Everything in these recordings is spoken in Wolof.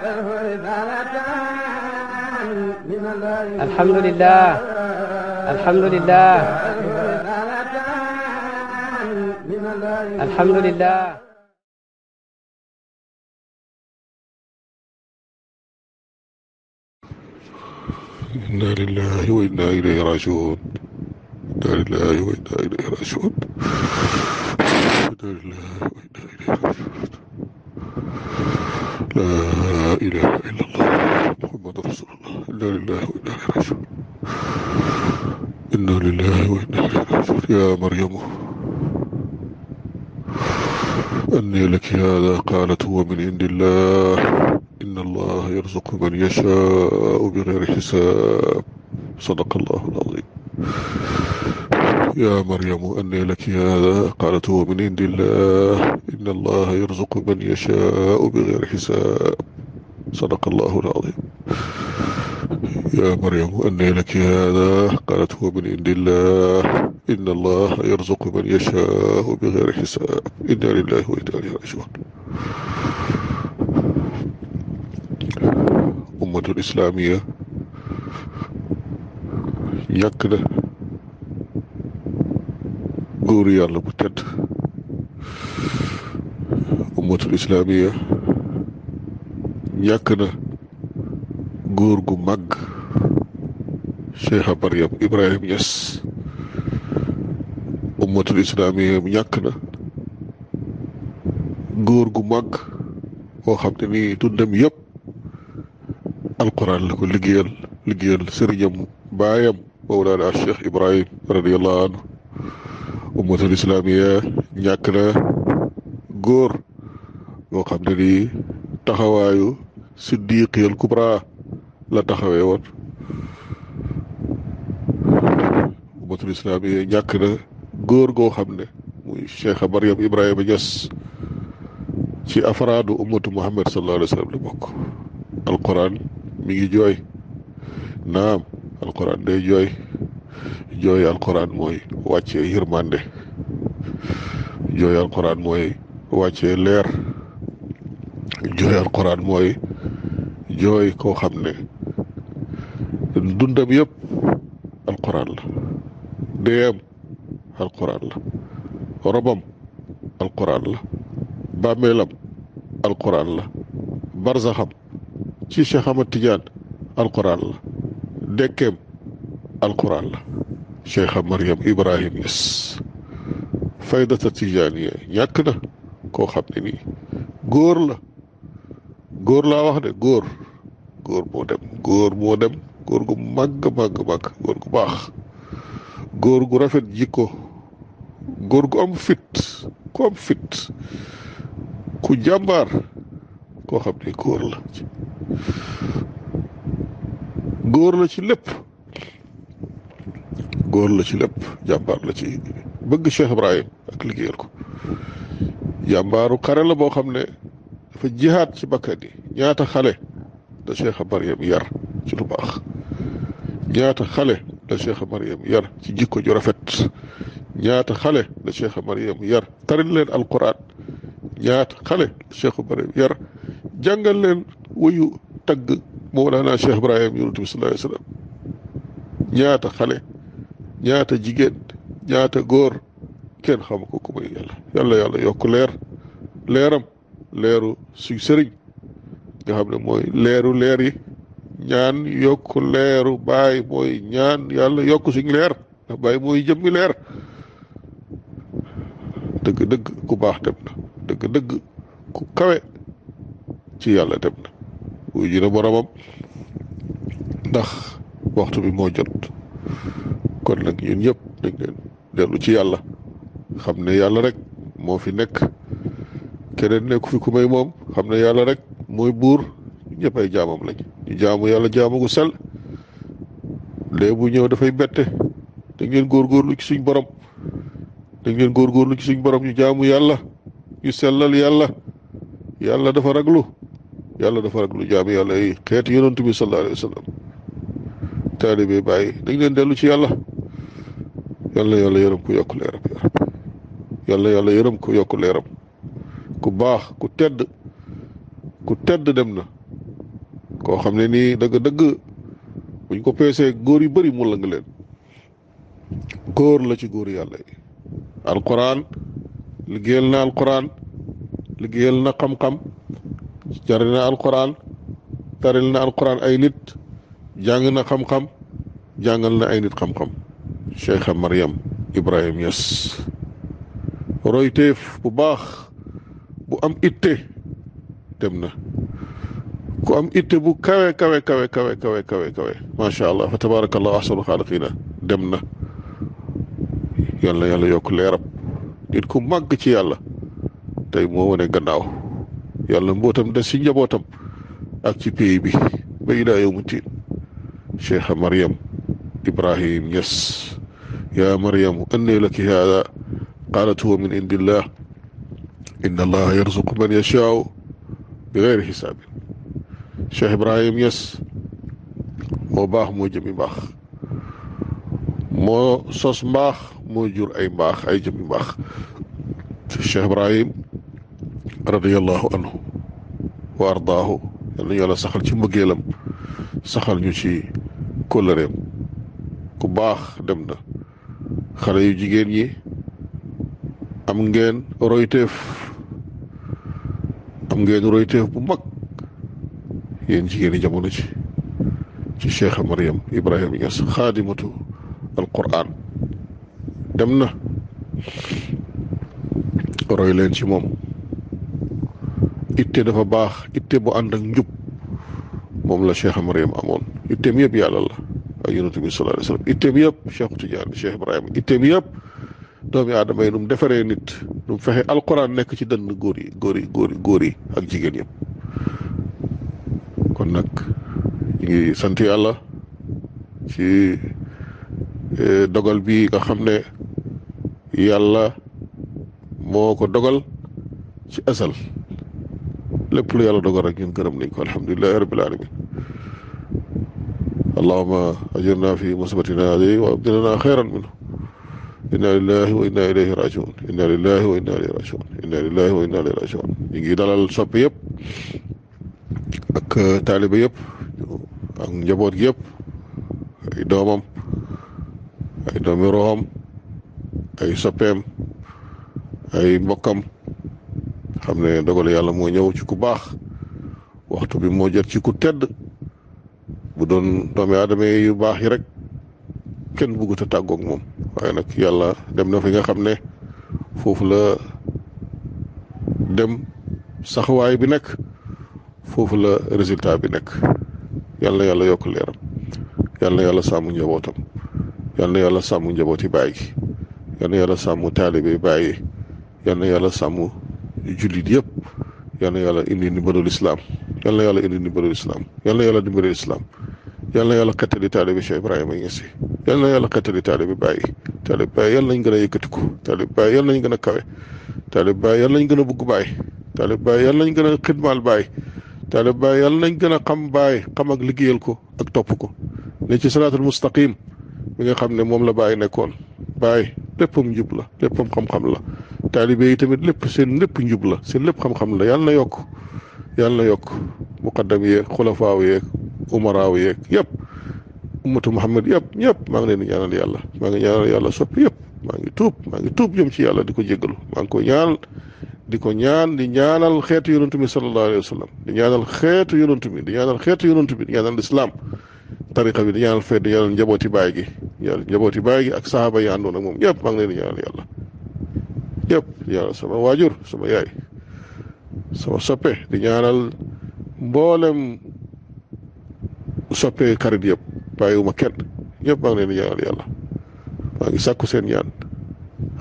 alhamdulilah alhamdulilah alhamdulilah. inna lillahi wa inna ilayhi rajiun inna lillahi wa inna ilayhi rajiun inna lillahi wa inna ilayhi rajiun laa ilaaha illallah muhammadu rasulullah inna lillahi wa inna ilayhi rajiun inna lillahi wa inna ilayhi rajiun yaa maryamu anna laki haadaa qaalat huwa min indillah inna allaha yarzuqu man yashaa'u bi gayri hisaab sadaqallaahu al-aziim يا مريم أني لك هذا قالت هو من عند الله إن الله يرزق من يشاء بغير حساب صدق الله العظيم يا مريم أني لك هذا قالت هو من عند الله إن الله يرزق من يشاء بغير حساب إنا لله وإنا إليه راجعون أمة الإسلامية يكره góoru yàlla bu tedd ummatul islaamiya na góor gu mag Cheikha Maryam Ibrahim Niass ummatul islaamiya ñàkk na góor gu mag koo xam te dundam yëpp alquran la ko liggéeyal liggéeyal sëriñam baayam mawlaana Cheikh Ibrahim radiyallahu anhu ummatul islamiya ñàkk na góor boo xam ne ni taxawaayu siddiqiyal kubra la taxawee woon ummatul islamiya ñàkk na góor goo xam ne muy cheikh Mariam Ibrahima Niass ci afraadu ummatu muhammad sallallahu alayhi wa sallam la bokk alquran mi ngi jooy naam alquran day jooy jooy alquran mooy wàccee yërmande jooy alquran mooy wàccee leer jooy alquran mooy jooy koo xam ne dundam yëpp alquran la deeyam alquran la robam alquran la bàmmeelam alquran la barzaxam ci Cheikh Ahmad Tidiane alquran la dekkeem alquran la cheikha mariam ibrahim Niass faydata tijaaniya ñàkk na koo xam ne nii góor la góor la wax de góor góor moo dem góor moo dem góor gu màgg màgg màgg góor gu baax góor gu rafet jikko góor gu am fit ku am fit ku jàmbaar koo xam ne góor la góor la ci lépp góor la ci lépp jàmbaar la ci bëgg Cheikh Ibrahim ak liggéeyal ko jàmbaaru xare la boo xam ne dafa jihaat ci bakkan yi ñaata xale da Cheikh Ibrahim yar ci lu baax ñaata xale la Cheikh Ibrahim yar ci jikko ju rafet ñaata xale la Cheikh Ibrahim yar taril leen alquran ñaata xale la Cheikh Ibrahim yar jàngal leen wuyu tagg Mawlana Cheikh Ibrahim yonent bi sallallahu alayhi wa sallam ñaata xale ñaata jigéen ñaata góor kenn xam ko ku may yàlla yàlla yokk leer leeram leeru suñ sëriñ nga xam ne mooy leeru leer yi ñaan yokk leeru baay mooy ñaan yàlla yokk suñ leer ndax baay mooy jëmmi leer dëgg dëgg ku baax dem na dëgg dëgg ku kawe ci yàlla dem na wuyu ji na boromam ndax waxtu bi moo jot kon nag ñun ñëpp dañ leen dellu ci yàlla xam ne yàlla rek moo fi nekk keneen nekku fi ku may moom xam ne yàlla rek mooy buur ñëpp ay jaamam lañ ñu jaamu yàlla jaamu gu sell dee bu ñëw dafay bette dañ leen góorgóorlu ci suñ borom dañ leen góorgóorlu ci suñ borom ñu jaamu yàlla ñu sellal yàlla yàlla dafa raglu yàlla dafa raglu jaamu yàlla yi xeeti yonantu bi sallallahu alayhi wa sallam taalibe bàyyi dañ leen dellu ci yàlla yàlla yàlla yërëm ku yokk leeram yàlla yàlla ko yokk leeram ku baax ku tedd ku tedd dem na koo xam ne nii dëgg-dëgg buñ ko peesee góor yu bari mu la nga leen góor la ci góor yàlla yi alquran liggéeyal na alquran liggéeyal na xam-xam jari na alquran taril na alquran ay nit jàng na xam-xam jàngal na ay nit xam-xam Cheikha Mariam Ibrahim Niass royteef bu baax bu am itte dem na ku am itte bu kawe kawe kawe kawe kawe kawe kawe macha allah fa tabarakallahu ahsanu xaaliqina dem na yàlla yàlla yokk leerab nit ku màgg ci yàlla tey moo wane gannaaw yàlla mbootam des ci njabootam ak ci pays bi ba ilaa yawmu tiin Cheikha Mariam Ibrahim Niass يا مريم أني لك هذا قالت هو من عند الله إن الله يرزق من يشاء بغير حساب Cheikh Ibrahim Niass moo baax moo jëmi mbaax moo sos mbaax moo jur ay mbaax ay jëmi mbaax Cheikh Ibrahim radiallahu anhu wa ardaahu yal na yàlla saxal ci mbëggeelam saxal ñu ci kóllëreem ku baax dem na xale yu jigéen yi am ngeen royteef am ngeen royteef bu mag yéen jigéen yi jamono ci ci Cheikha Mariam Ibrahima Niass xaadimatu alquran dem na roy ci moom itte dafa baax itte bu ànd ak njub moom la Cheikha Mariam amoon itteem yëpp yàlla la ak yonent bi sallallahu alayhi wa sallam itteem yëpp Cheikh Tidiane Cheikh Ibrahima yëpp doomi aadama yi nu mu defaree nit nu mu fexe alquran nekk ci dënn góor yi góor yi góor góor yi ak jigéen yëpp kon nag ñu ngi sant yàlla ci e, dogal bi nga xam ne yàlla moo ko dogal si asal lépp lu yàlla dogal rek ñun gërëm nañ ko alhamdulilahi la alamin allahuma ajirna fi musibatina hadi wa abdilana xeyran minhu inna lillahi wa inna ilayhi rajiun inna lillahi wa inna ilayhi rajiun inna lillahi wa inna ilayhi rajiun ñu dalal sopp yëpp ak taaliba yëpp ak njaboot gi yëpp ay doomam ay doomi ay soppeem ay mbokkam xam ne dogal yàlla moo ñëw ci ku baax waxtu bi moo jot ci ku tedd bu doon doomi aadama yu baax yi rek kenn bëggut a tàggoog moom waaye nag yàlla dem na fi nga xam ne foofu la dem saxawaay bi nekk foofu la résultat bi nekk yàlla yàlla yokk leeram yàlla yàlla sàmm njabootam yàlla yàlla sàmm njabooti bàyyi gi yàlla yàlla sàmm taalibe bàyyi yi yàlla yàlla sàmm jullit yëpp yàlla yàlla indi ndimbalul islaam yàlla yàlla indi ndimbalul islaam yàlla yàlla dimbalul islaam yal na yàlla xettali taalibi Cheikh Ibrahima Niass yal na yàlla xettali taalibi Baye taalibi Baye yal nañ gën a yëkkatiku taalibi Baye yal nañ gën a kawe taalibi Baye yal nañ gën a bugg Baye taalibi Baye yal nañ gën a xidmaal Baye taalibi Baye yal nañ gën a xam Baye xam ak liggéeyal ko ak topp ko ne ci siraatul mustaqim mi nga xam ne moom la Baye nekkoon Baye léppam njub la léppam xam-xam la taalibe yi tamit lépp seen lépp njub la seen lépp xam-xam la yal na yokk yal na yokk muqaddam yeeg xulafaaw yeeg umaraaw yeeg yëpp ummatu muhammad yëpp ñëpp maa ngi leen di ñaanal yàlla maa ngi ñaanal yàlla soppi yëpp maa ngi tuub maa ngi tuub jëm ci yàlla di ko jéggalu maa ngi ko ñaanal di ko ñaan di ñaanal xeetu yonantu bi sallallahu alayhi wa sallam di ñaanal xeetu yonantu bi di ñaanal xeetu yonantu bi di ñaanal lislaam tariqa bi di ñaanal njabooti baay gi ak saxaaba yi àndoon moom ñëpp maa ngi leen di ñaanal yàlla yëpp di ñaanal sama waajur sama yaay sama soppe di ñaanal mboolem soppee xarit yëpp bàyyiwuma kenn ñëpp maa ngi leen di ñaanal yàlla maa ngi sàkku seen ñaan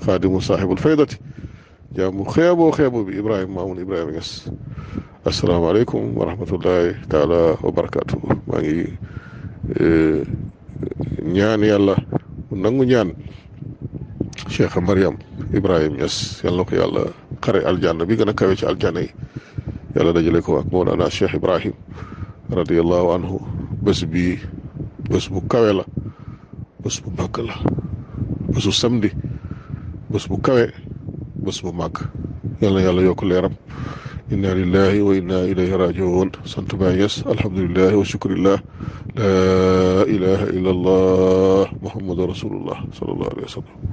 xaadimu saaxibul faydati jaamu xeeboo xeebo bi Ibrahima Mamoun Ibrahima Niass asalaamaaleykum wa rahmatullahi taala wa barakaatu maa ngi eh, ñaan yàlla nangu ñaan Cheikh Mariam Ibrahima Niass yàlla na ko yàlla xare aljanna bi gën a kawe ci aljanna yi yàlla ko anhu bés bi bés bu kawe la bés bu màgg la bésu samedi bés bu kawe bés bu màgg yal na yàlla yokk leeram inna lillahi wa inna ilayhi rajiun sant Baay Ñas alhamdulilahi wa shukrillah la ilaha illa allah muhammadu rasulullah sallallahu wa sallam